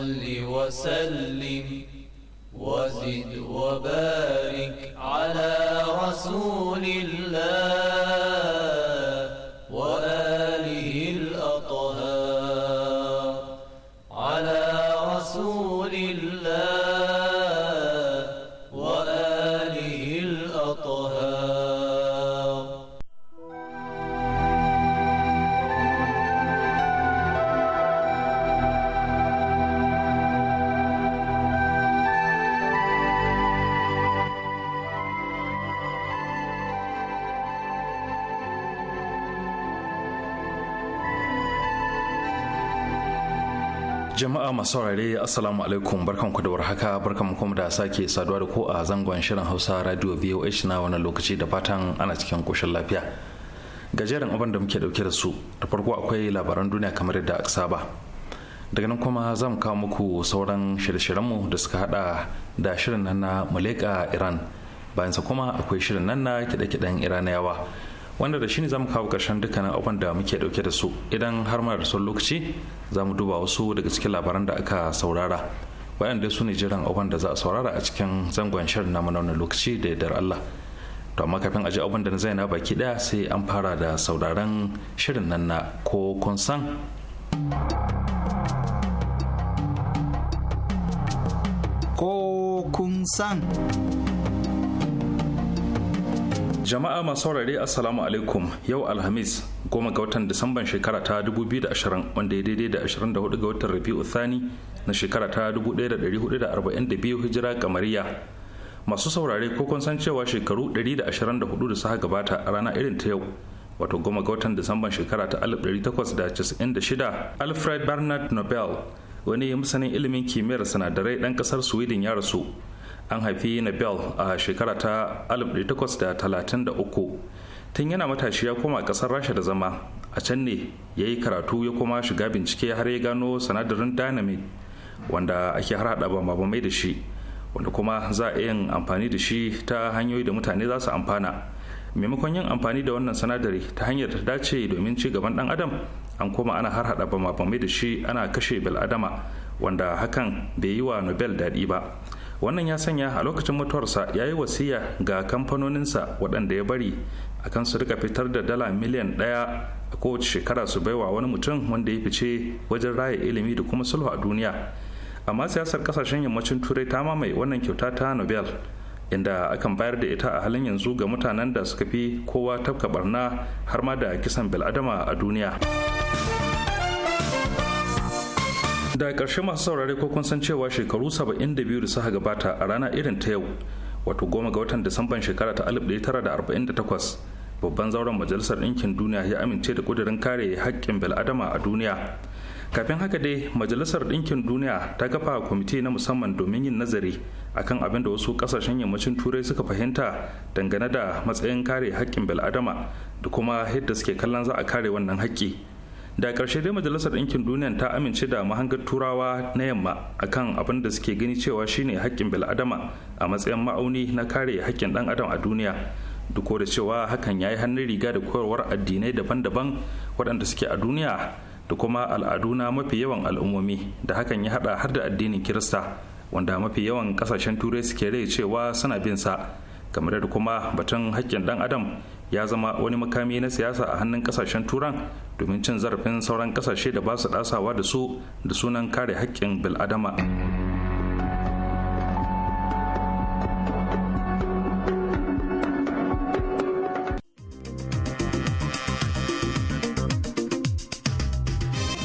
صل وسلم وزد وبارك masu saurare assalamu alaikum ku da warhaka barkan mu kuma da sake saduwa da ku a zangon shirin hausa radio voh na wani lokaci da fatan ana cikin koshin lafiya gajeren abin da muke dauke da su da farko akwai labaran duniya kamar yadda aka saba daga nan kuma za mu kawo muku sauran shirye mu da suka hada da shirin nan na muleka iran bayan sa kuma akwai shirin nan na kiɗe-kiɗen iraniyawa wanda da shi ne za mu kawo ƙarshen dukkanin abin da muke dauke da su idan har ma da son lokaci za mu duba wasu daga cikin labaran da aka saurara bayan dai su ne jiran abin da za a saurara a cikin zangon shirin namu na lokaci da yardar Allah to amma kafin a ji abin da na zaina baki daya sai an fara da sauraron shirin nan na ko kun san ko kun san jama'a masu saurare assalamu alaikum yau alhamis goma ga watan disamban shekara ta 2020 wanda ya daidai da 24 ga watan rabi'u thani na shekara ta 1442 hijira kamariya masu saurare ko kun san cewa shekaru 124 da suka gabata a rana irin ta yau wato goma ga watan disamban shekara ta 1896 alfred bernard nobel wani ya musanin ilimin kimiyyar sinadarai dan kasar sweden ya rasu an haifi nobel a shekara ta 1833 tun yana matashi ya koma kasar rasha da zama a can ne ya yi karatu ya kuma shiga bincike har ya gano sanadarin dynamite wanda ake harhaɗa ba mai da shi wanda kuma za a yin amfani da shi ta hanyoyi da mutane za su amfana maimakon yin amfani da wannan sanadari ta hanyar ta dace domin ci gaban dan adam an koma ana har hada bama da shi ana kashe bil wanda hakan bai yi wa nobel daɗi ba wannan ya sanya a lokacin mutuwarsa ya yi wasiya ga kamfanoninsa waɗanda ya bari akan su rika fitar da dala miliyan ɗaya a kowace shekara su baiwa wani mutum wanda ya fice wajen raya ilimi da kuma sulhu a duniya amma siyasar kasashen yammacin turai ta mamaye wannan kyauta ta nobel inda akan bayar da ita a halin yanzu ga mutanen da suka fi kowa tafka barna har ma da kisan bil'adama a duniya daga ƙarshe masu saurare ko kun san cewa shekaru 72 da suka gabata a rana irin ta yau wato goma ga watan disamban shekara ta 1948 babban zauren majalisar ɗinkin duniya ya amince da ƙudurin kare haƙƙin bil'adama a duniya kafin haka dai majalisar ɗinkin duniya ta kafa kwamiti na musamman domin yin nazari akan abin da wasu ƙasashen yammacin turai suka fahimta dangane da matsayin kare haƙƙin bil'adama da kuma yadda suke kallon za a kare wannan haƙƙi da ƙarshe dai majalisar ɗinkin duniya ta amince da mahangar turawa na yamma akan abin da suke gani cewa shine haƙƙin bil'adama a matsayin ma'auni na kare haƙƙin ɗan adam a duniya duk da cewa hakan ya yi hannun riga da koyarwar addinai daban-daban waɗanda suke a duniya da kuma al'adu na mafi yawan al'ummomi da hakan ya haɗa har da addinin kirista wanda mafi yawan ƙasashen turai suke rai cewa suna bin sa kamar da kuma batun haƙƙin ɗan adam ya zama wani makami na siyasa a hannun kasashen turan domin cin zarafin sauran kasashe da ba su dasawa da su da sunan kare haƙƙin bil'adama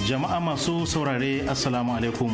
jama'a masu saurare assalamu alaikum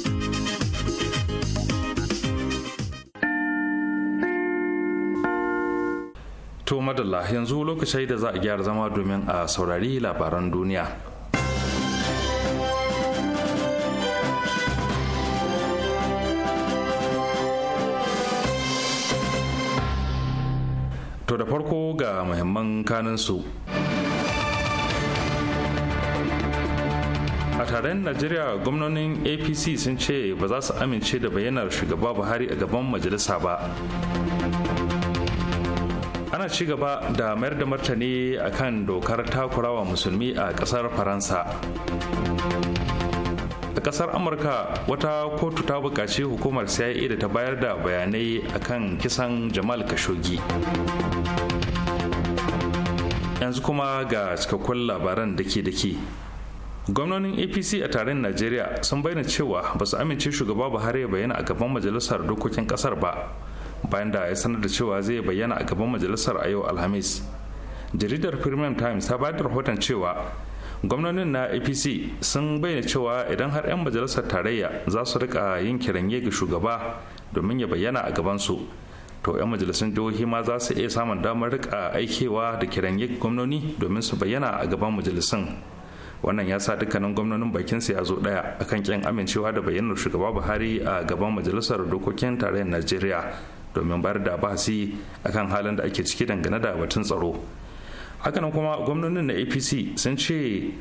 To madalla yanzu lokaci da za a gyara zama domin a saurari labaran duniya. To da farko ga muhimman kanansu. a taron najeriya gwamnonin apc sun ce ba za su amince da bayyanar shugaba buhari a gaban majalisa ba ana ci gaba da mayar da martani a kan dokar takurawa musulmi a ƙasar faransa a kasar amurka wata kotu ta buƙaci hukumar cia da ta bayar da bayanai akan kisan jamal kashogi yanzu kuma ga cikakkun labaran dake-dake gwamnonin apc a tarin najeriya sun bayyana cewa ba su amince shugaba buhari ya bayyana a gaban majalisar dokokin kasar ba bayan da ya sanar da cewa zai bayyana a gaban majalisar a yau alhamis jaridar premium times ta bayar da rahoton cewa gwamnonin na apc sun bayyana cewa idan har 'yan majalisar tarayya za su rika yin kiranye ga shugaba domin ya bayyana a gabansu to 'yan majalisun jihohi ma za su iya samun damar rika aikewa da kiranye gwamnoni domin su bayyana a gaban majalisun wannan ya sa dukkanin gwamnonin bakin su ya zo daya akan kyan amincewa da bayyanar shugaba buhari a gaban majalisar dokokin tarayyar najeriya domin bayar da bahasi akan halin da ake ciki dangane da batun tsaro hakanan kuma gwamnonin na apc sun ce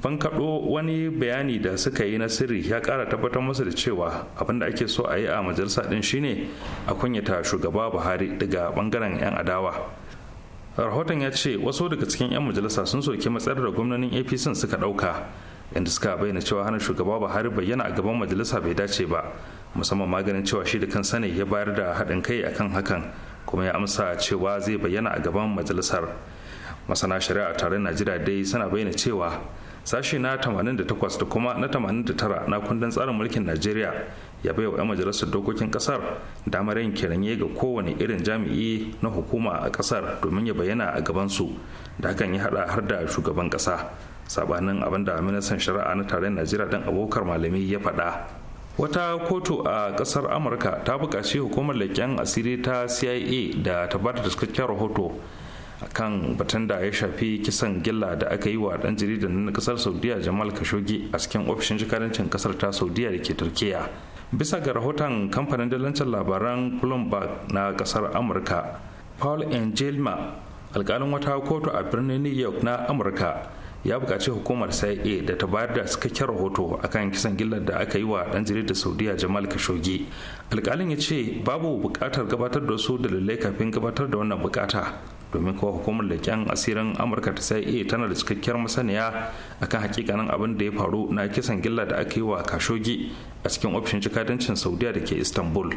ban kaɗo wani bayani da suka yi na sirri ya ƙara tabbatar masa da cewa abin da ake so a yi a majalisa ɗin shine a kunyata shugaba buhari daga ɓangaren 'yan adawa rahoton ya ce wasu daga cikin 'yan majalisa sun soki matsayar da gwamnonin apc suka ɗauka inda suka bayyana cewa hana shugaba buhari bayyana a gaban majalisa bai dace ba musamman maganin cewa shi da kansa ne ya bayar da haɗin kai akan hakan kuma ya amsa cewa zai bayyana a gaban majalisar masana shari'a tare najeriya dai suna bayyana cewa sashi na 88 da kuma na 89 na kundin tsarin mulkin najeriya ya bai wa 'yan majalisar dokokin kasar damar yin kiranye ga kowane irin jami'i na hukuma a kasar domin ya bayyana a gabansu da hakan ya hada har da shugaban kasa sabanin abin da ministan shari'a na tarayyar najeriya dan abokar malami ya faɗa wata kotu a kasar amurka ta buƙaci hukumar leƙen asiri ta cia da ta bada da cikakken rahoto kan batun da ya shafi kisan gilla da aka yi wa dan jaridan na kasar saudiya jamal kashogi a cikin ofishin jikadancin kasar ta saudiya da ke turkiya bisa ga rahoton kamfanin dalancin labaran bloomberg na kasar amurka paul angelma alkalin wata kotu a birnin new york na amurka ya bukaci hukumar sae da ta bayar da cikakken rahoto akan kisan gillar da aka yi wa dan jaridar Saudiya Jamal kashoge alkalin ya ce babu buƙatar gabatar da wasu dalilai kafin gabatar da wannan bukata domin kuwa hukumar leƙen asirin Amurka ta CIA tana da cikakkiyar masaniya akan hakikanin abin da ya faru na kisan gilla da aka yi wa kashogi a cikin ofishin jikadancin Saudiya da ke Istanbul.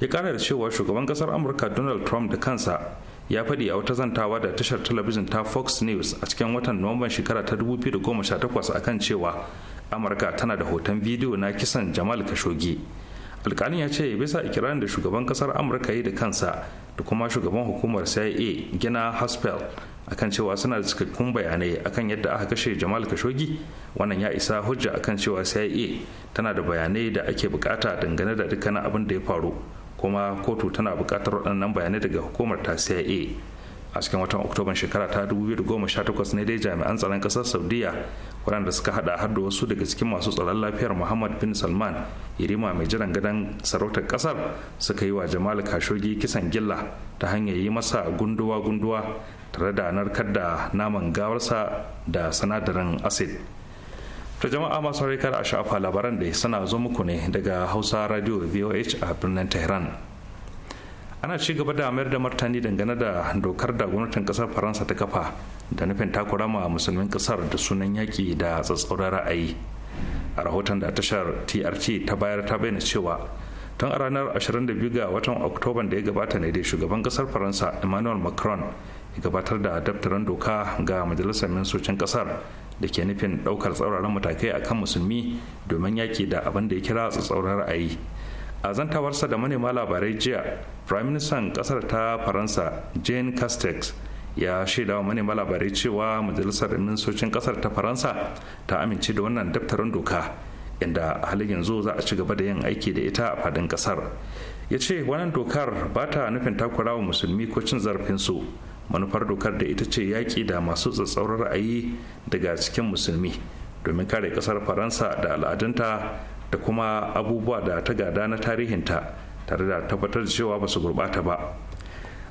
Ya ƙara da cewa shugaban kasar Amurka Donald Trump da kansa ya faɗi a wata zantawa da tashar talabijin ta fox news a cikin watan nuwamban shekara ta 2018 akan cewa amurka tana da hoton bidiyo na kisan jamal kashogi alkalin ya ce bisa ikirarin da shugaban kasar amurka yi da kansa da kuma shugaban hukumar cia gina haspel akan cewa suna da cikakkun bayanai akan yadda aka kashe jamal kashogi wannan ya isa hujja akan cewa cia tana da bayanai da ake bukata dangane da dukkanin abin da ya faru kuma kotu tana bukatar waɗannan bayanai daga hukumar ta cia a cikin watan oktoban shekara ta 2018 ne dai jami'an tsaron ƙasar saudiya waɗanda suka hada har da wasu daga cikin masu tsaron lafiyar muhammad bin salman irima mai jiran gadon sarautar ƙasar suka yi wa jamal kashogi kisan gilla ta hanyar yi masa gunduwa-gunduwa tare da narkar da naman gawarsa da sinadarin acid To jama'a masu harika da shafa labaran da suna zo muku ne daga Hausa Radio VOH a birnin Tehran. Ana ci gaba da mayar da martani dangane da dokar da gwamnatin kasar Faransa ta kafa da nufin takura ma musulmin kasar da sunan yaƙi da tsatsauran ra'ayi. A rahoton da tashar TRT ta bayar ta bayyana cewa tun a ranar 22 ga watan Oktoban da ya gabata ne da shugaban kasar Faransa Emmanuel Macron ya gabatar da daftarin doka ga majalisar ministocin kasar da ke nufin ɗaukar tsauraran matakai a kan musulmi domin yaƙi da abin da ya kira tsatsauran ra'ayi a zantawarsa da manema labarai jiya prime minister ƙasar ta faransa jane castex ya shaida wa manema labarai cewa majalisar ministocin ƙasar ta faransa ta amince da wannan daftarin doka inda a halin yanzu za a ci gaba da yin aiki da ita a fadin ƙasar ya ce wannan dokar ba ta nufin takurawa musulmi ko cin zarafinsu manufar dokar da ita ce yaƙi da masu tsatsauran ra'ayi daga cikin musulmi domin kare ƙasar faransa da al'adunta da kuma abubuwa da ta gada na tarihinta tare da tabbatar da cewa ba su gurɓata ba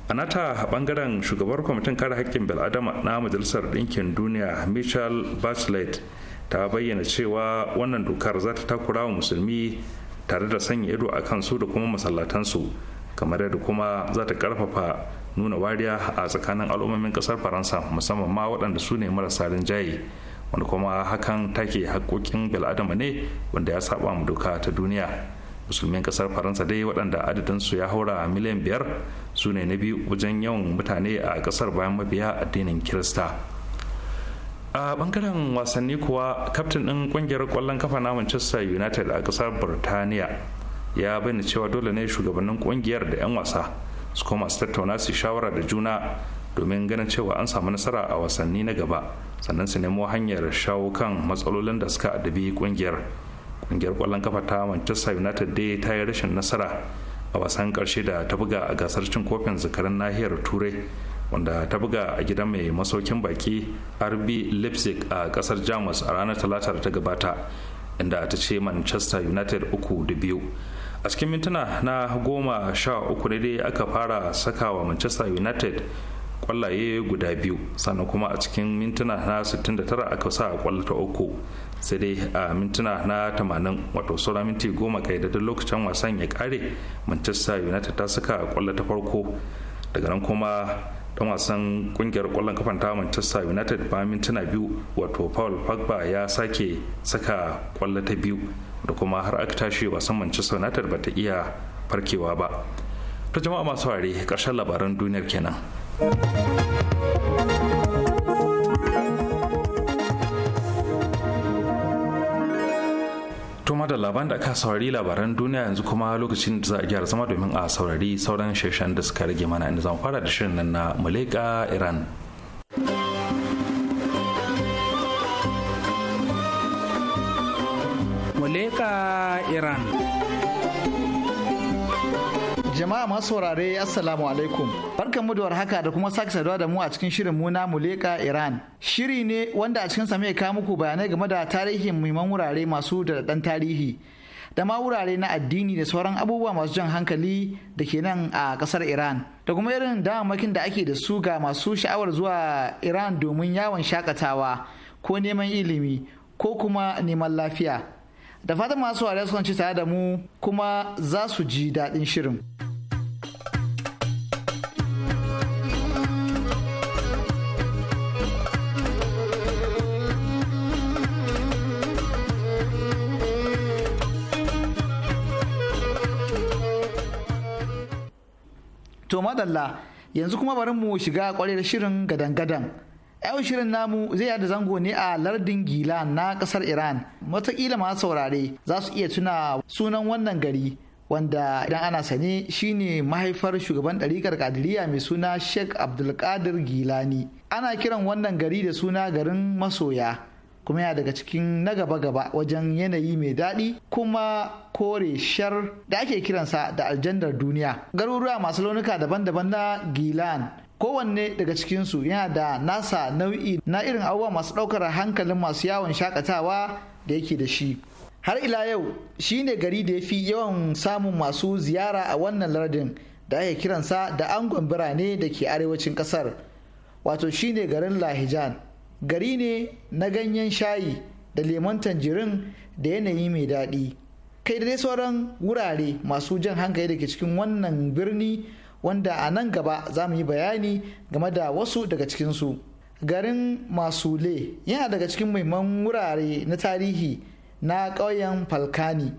a nata bangaren shugabar kwamitin kare haƙƙin bil'adama na majalisar ɗinkin duniya michel bachelet ta bayyana cewa wannan dokar za ta takura wa musulmi tare da sanya ido a kansu da kuma masallatansu kamar yadda kuma za ta karfafa nuna wariya a tsakanin al'ummomin kasar faransa musamman ma waɗanda su ne marasa rinjaye wanda kuma hakan take haƙoƙin bil'adama ne wanda ya saba mu doka ta duniya musulmin kasar faransa dai waɗanda adadinsu ya haura miliyan biyar su ne na biyu wajen yawan mutane a kasar bayan mabiya addinin kirista a bangaren wasanni kuwa kaftin ɗin ƙungiyar ƙwallon kafa na manchester united a ƙasar burtaniya ya bayyana cewa dole ne shugabannin ƙungiyar da 'yan wasa su koma su tattauna su shawara da juna domin ganin cewa an samu nasara a wasanni na gaba sannan su nemo hanyar shawo kan matsalolin da suka adabi kungiyar kungiyar kwallon kafa ta manchester united dai ta yi rashin nasara a wasan karshe da ta buga a gasar cin kofin zakaran nahiyar turai wanda ta buga a gidan mai masaukin baki rb leipzig a kasar jamus a ranar talata da ta gabata inda ta ce manchester united uku da biyu a cikin mintuna na goma sha uku ne dai aka fara saka wa manchester united kwallaye guda biyu sannan kuma a cikin mintuna na 69 aka sa kwallata ta uku sai dai a mintuna na 80 wato saura minti goma kaidadin lokacin wasan ya kare manchester united ta saka kwallo farko daga nan kuma dan wasan kungiyar kwallon kafan ta manchester united ba mintuna biyu wato paul pogba ya sake saka kwallata biyu da kuma har aka tashi wasan manchester united ba ta iya farkewa ba ta jama'a masu ware ƙarshen labaran duniyar kenan tuma da labaran da aka saurari labaran duniya yanzu kuma lokacin da za a gyara zama domin a saurari sauran shirshen da suka rage mana inda zan fara da shirin nan na muleka iran iran jama'a masu saurare assalamu alaikum barkan muduwar haka da kuma sake saduwa da mu a cikin shirin muna muleka iran shiri ne wanda a cikin same kawo muku bayanai game da tarihin muhimman wurare masu da tarihi da ma wurare na addini da sauran abubuwa masu jan hankali da ke nan a kasar iran da kuma irin damammakin da ake da su ga masu sha'awar zuwa iran domin yawon shakatawa ko neman ilimi ko kuma neman lafiya da fatan masu wariya su ci tare da mu kuma za su ji daɗin shirin. To madalla yanzu kuma bari mu shiga kwarar shirin gadan-gadan. yau shirin namu zai yada zango ne a lardin gila na kasar iran matakila masu saurare za su iya tuna sunan wannan gari wanda idan ana sane shine mahaifar shugaban ɗarikar kadiriya mai suna sheikh abdulkadir gilani ana kiran wannan gari da suna garin masoya kuma yana daga cikin na gaba-gaba wajen yanayi mai daɗi kuma kore shar da ake kiransa da aljandar duniya garuruwa masu launuka daban-daban na gilan kowanne daga cikinsu yana da nasa nau'i na irin abubuwa masu ɗaukar hankalin masu yawon shakatawa da yake da shi har ila yau shi ne gari da ya fi yawan samun masu ziyara a wannan lardin da ake kiransa da angon birane da ke arewacin ƙasar. wato shi ne garin lahijan gari ne na ganyen shayi da lemon tanjirin da yanayi mai daɗi kai da dai sauran wurare masu jan hankali da ke cikin wannan birni wanda a nan gaba za mu yi bayani game da wasu daga cikinsu garin masule yana daga cikin muhimman wurare na tarihi na ƙauyen falkani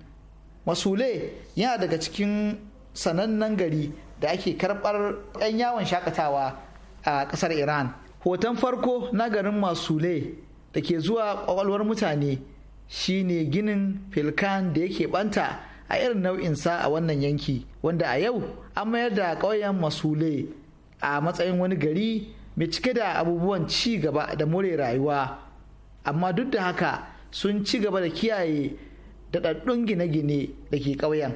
masule yana daga cikin sanannen gari da ake karɓar 'yan yawon shakatawa a ƙasar iran hoton farko na garin masule da ke zuwa ƙwaƙwalwar mutane shine ginin filkan da yake ɓanta. a irin nau'in sa a wannan yanki wanda a yau an mayar da ƙauyen masule a matsayin wani gari mai cike da abubuwan ci gaba da more rayuwa amma duk da haka sun ci gaba da kiyaye daɗaɗɗun gine-gine da ke ƙauyen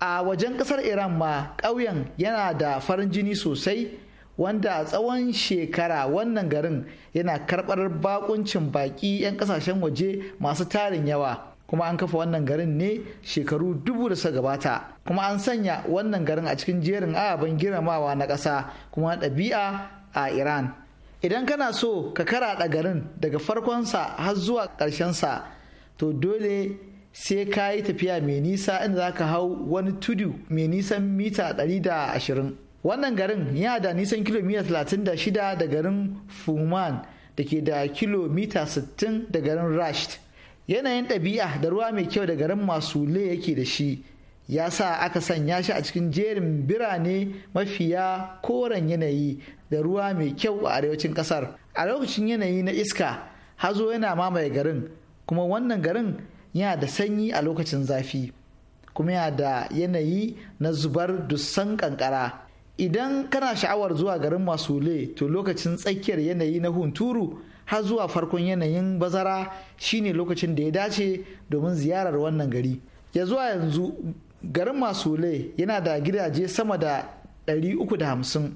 a wajen ƙasar iran ma ƙauyen yana da farin jini sosai wanda a tsawon shekara wannan garin yana karɓar bakuncin baƙi 'yan ƙasashen waje masu tarin yawa kuma an kafa wannan garin ne shekaru dubu da suka gabata kuma an sanya wannan garin a cikin jerin ababen girmamawa na ƙasa kuma ɗabi'a a iran idan kana so ka karaɗa garin daga farkonsa har zuwa ƙarshensa to dole sai ka yi tafiya mai nisa inda za ka hau wani tudu mai nisan mita 120 wannan garin yana da nisan kilomita 36 da garin fuman da ke da kilomita 60 da garin rasht yanayin ɗabi'a da ruwa mai kyau da garin masule yake da shi ya sa aka sanya shi a cikin jerin birane mafiya koren yanayi da ruwa mai kyau a arewacin ƙasar. a lokacin yanayi na iska hazo yana mamaye garin kuma wannan garin yana da sanyi a lokacin zafi kuma yana da yanayi na zubar dusan kankara idan kana sha'awar zuwa garin masule to lokacin tsakiyar yanayi na hunturu har zuwa farkon yanayin bazara shine lokacin da ya dace domin ziyarar wannan gari ya zuwa yanzu garin masule yana da gidaje sama da 350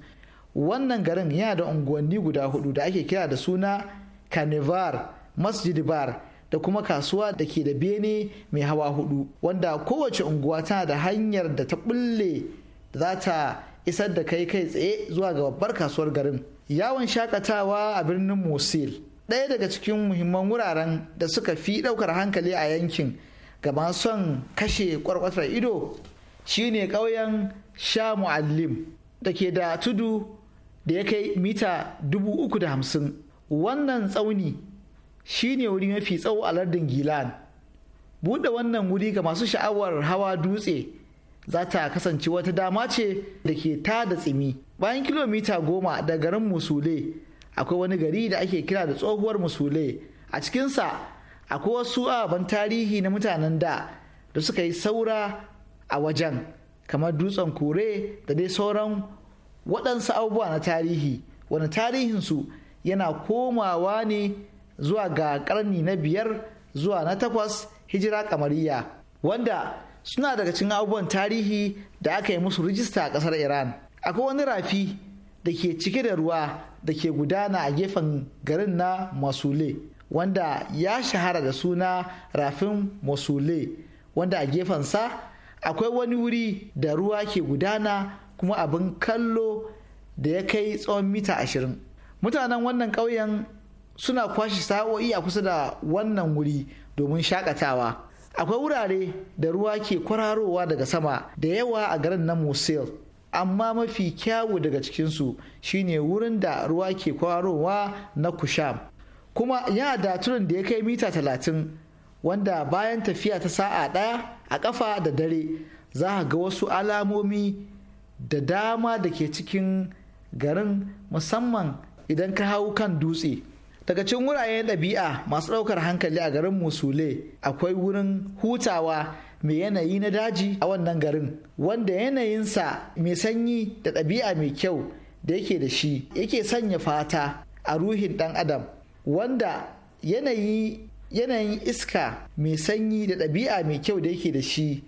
wannan garin yana da unguwanni guda hudu da ake kira da suna carnivar masjid bar da kuma kasuwa da ke da bene mai hawa hudu wanda kowace unguwa tana da hanyar da ta bulle za ta isar da kai kai tsaye zuwa ga babbar kasuwar garin yawon shakatawa a birnin mosul ɗaya daga cikin muhimman wuraren da suka fi ɗaukar hankali a yankin gama son kashe kwarkwatar ido shine ƙauyen sha mu'allim da ke da tudu da ya kai mita dubu uku da hamsin wannan tsauni shine wuri mafi tsawo a lardin gilan buɗe wannan wuri ga masu sha'awar hawa dutse za ta kasance wata dama ce da ke ta da tsimi bayan kilomita goma da garin musule akwai wani gari da ake kira da tsohuwar musule a cikinsa akwai wasu ababen tarihi na mutanen da da suka yi saura a wajen kamar dutsen kore da dai sauran waɗansu abubuwa na tarihi wani tarihinsu yana komawa ne zuwa ga ƙarni na biyar zuwa na takwas hijira kamariya wanda suna daga cikin abubuwan tarihi da aka yi musu rijista a kasar iran akwai wani rafi da ke cike da ruwa da ke gudana a gefen garin na masule wanda ya shahara da suna rafin masule wanda a gefen sa akwai wani wuri da ruwa ke gudana kuma abin kallo da ya kai tsawon mita ashirin mutanen wannan ƙauyen suna kwashe sa'o'i a kusa da wannan wuri domin shakatawa akwai wurare da ruwa ke kwararowa daga sama da yawa a garin na mosul amma mafi kyawu daga cikinsu shine wurin da ruwa ke kwararowa na kusham kuma yana da turin da ya kai mita talatin wanda bayan tafiya ta sa'a ɗaya a ƙafa da dare za a ga wasu alamomi da dama da ke cikin garin musamman idan ka hau kan dutse daga cikin wuraren ɗabi'a masu ɗaukar hankali a garin musule akwai wurin hutawa mai yanayi na daji a wannan garin wanda yanayinsa mai sanyi da ɗabi'a mai kyau da yake da shi yake sanya fata a ruhin ɗan adam wanda yanayi yanayin iska mai sanyi da ɗabi'a mai kyau da yake da shi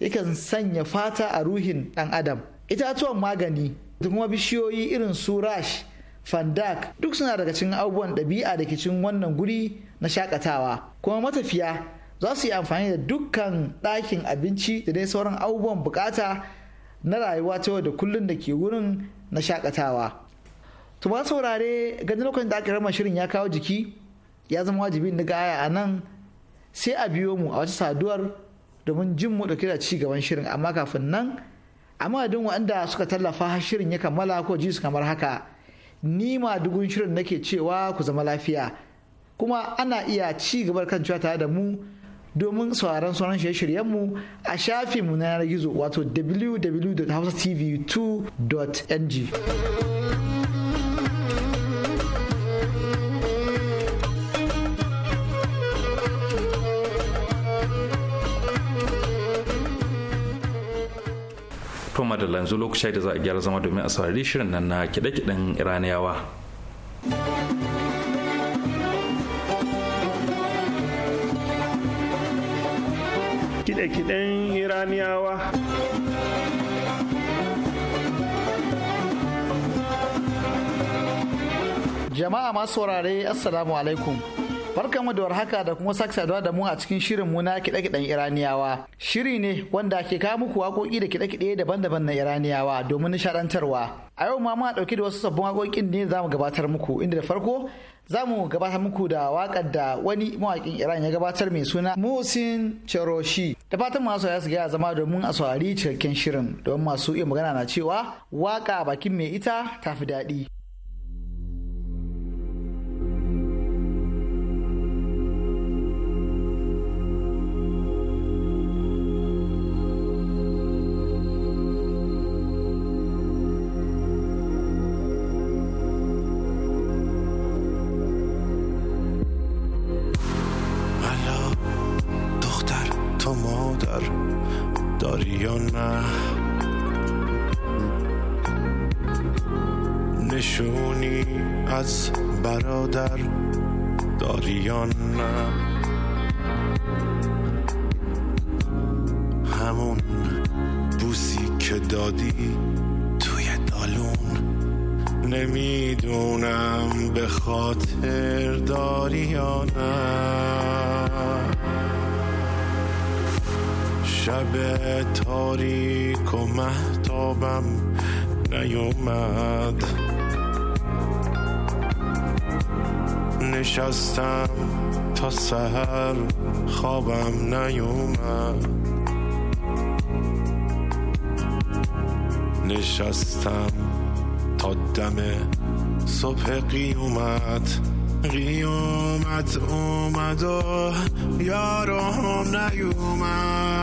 yakan sanya fata a ruhin ɗan adam itatuwan magani da kuma bishiyoyi irin su rash fandak duk suna daga cikin abubuwan ɗabi'a da ke cikin wannan guri na shakatawa kuma matafiya za su yi amfani da dukkan ɗakin abinci da dai sauran abubuwan bukata na rayuwa ta yau da kullum da ke wurin na shakatawa to ba saurare ganin lokacin da aka rama shirin ya kawo jiki ya zama wajibi na gaya a nan sai a biyo mu a wata saduwar domin jin mu dauke da ci gaban shirin amma kafin nan a madadin waɗanda suka tallafa shirin ya kammala ko ji su kamar haka ni ma dugun shirin nake cewa ku zama lafiya kuma ana iya ci gabar kan cewa tare da mu domin sauraron sauran shirye-shiryenmu a shafinmu na yanar gizo wato www.hausatv2.ng to da lanzu lokaci da za a gyara zama domin a saurari shirin nan na kiɗe-kiɗen iraniyawa kiɗe-kiɗen iraniyawa jama'a masu saurare assalamu alaikum barkan mu da da kuma sake saduwa da mu a cikin shirin mu na kiɗe-kiɗen Iraniyawa. Shiri ne wanda ke kawo muku waƙoƙi da kiɗe-kiɗe daban-daban na Iraniyawa domin nishaɗantarwa. A yau ma muna ɗauke da wasu sabbin waƙoƙin ne za mu gabatar muku inda da farko za mu gabatar muku da waƙar da wani mawaƙin Iran ya gabatar mai suna Musin Cheroshi. Da fatan masu ya su gaya zama domin a saurari cikakken shirin don masu iya magana na cewa waƙa bakin mai ita tafi daɗi. که دادی توی دالون نمیدونم به خاطر داری یا نه شب تاریک و محتابم نیومد نشستم تا سهر خوابم نیومد نشستم تا دم صبح قیومت قیومت اومد و یارم نیومد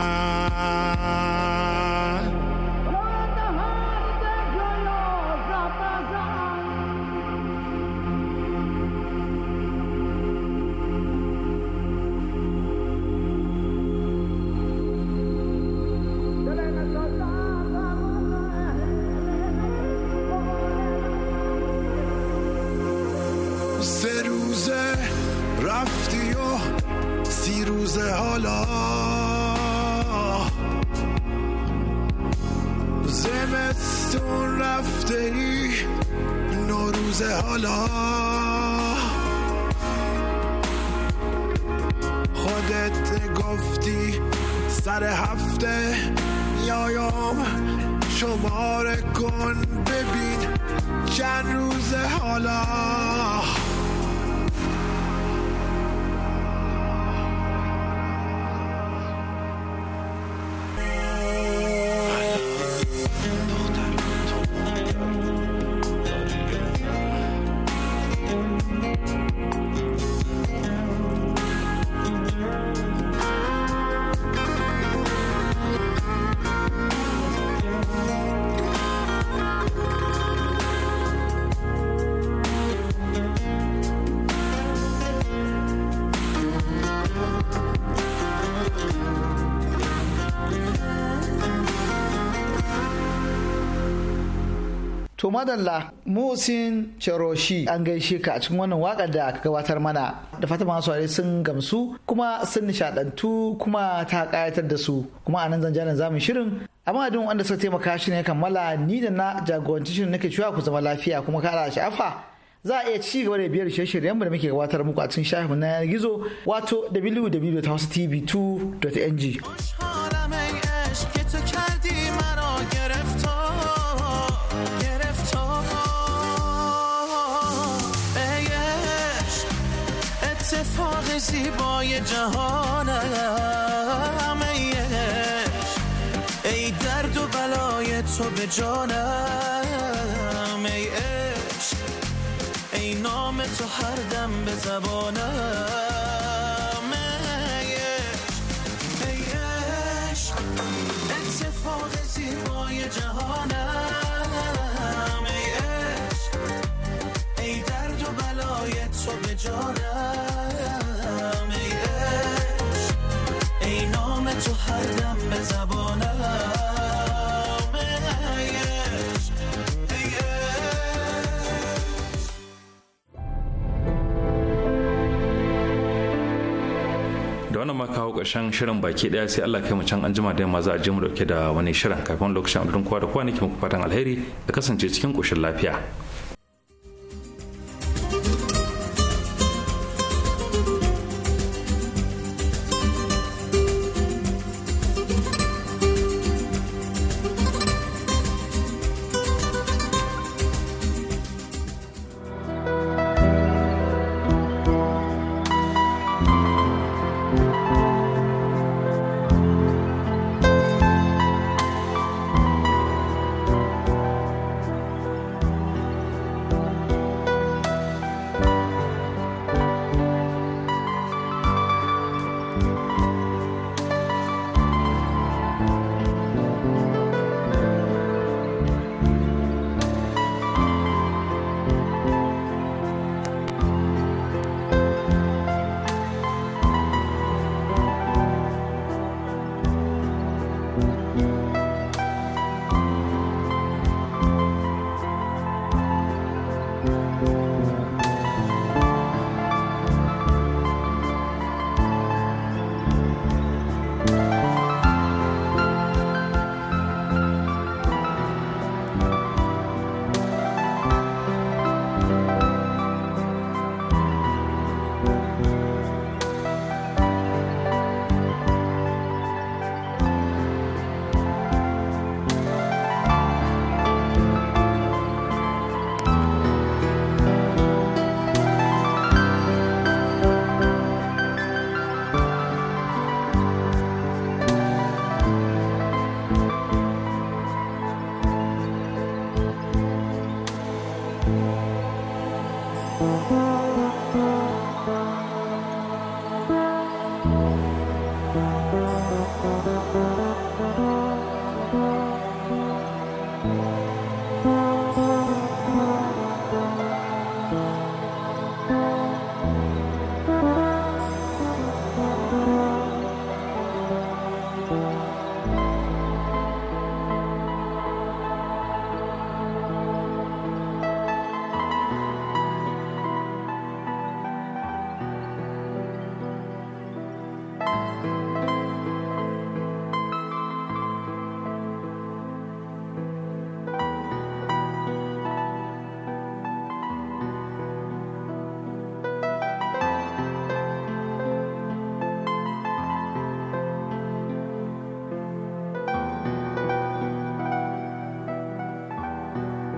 To madalla Musin Sharoshi an gaishe ka a cikin wannan waƙar da aka gabatar mana da fatan masu aure sun gamsu kuma sun nishadantu kuma ta kayatar da su kuma a nan jalan zamu shirin amma duk wanda suka taimaka shi ne kammala ni da na jagoranci shirin nake cewa ku zama lafiya kuma kara sha'afa za a iya ci gaba da biyar shirye yamma da muke gabatar muku a cikin shafin na yanar gizo wato wwwtv 2ng زیبای جهانم ای درد و بلای تو به جانم ای ای نام تو هر دم به زبانم wannan maka kawo ƙarshen shirin baki ɗaya sai Allah kai mu can anjima da yamma za a je mu dauke da wani shirin kafin lokacin abin kowa da kowa nake muku fatan alheri da kasance cikin koshin lafiya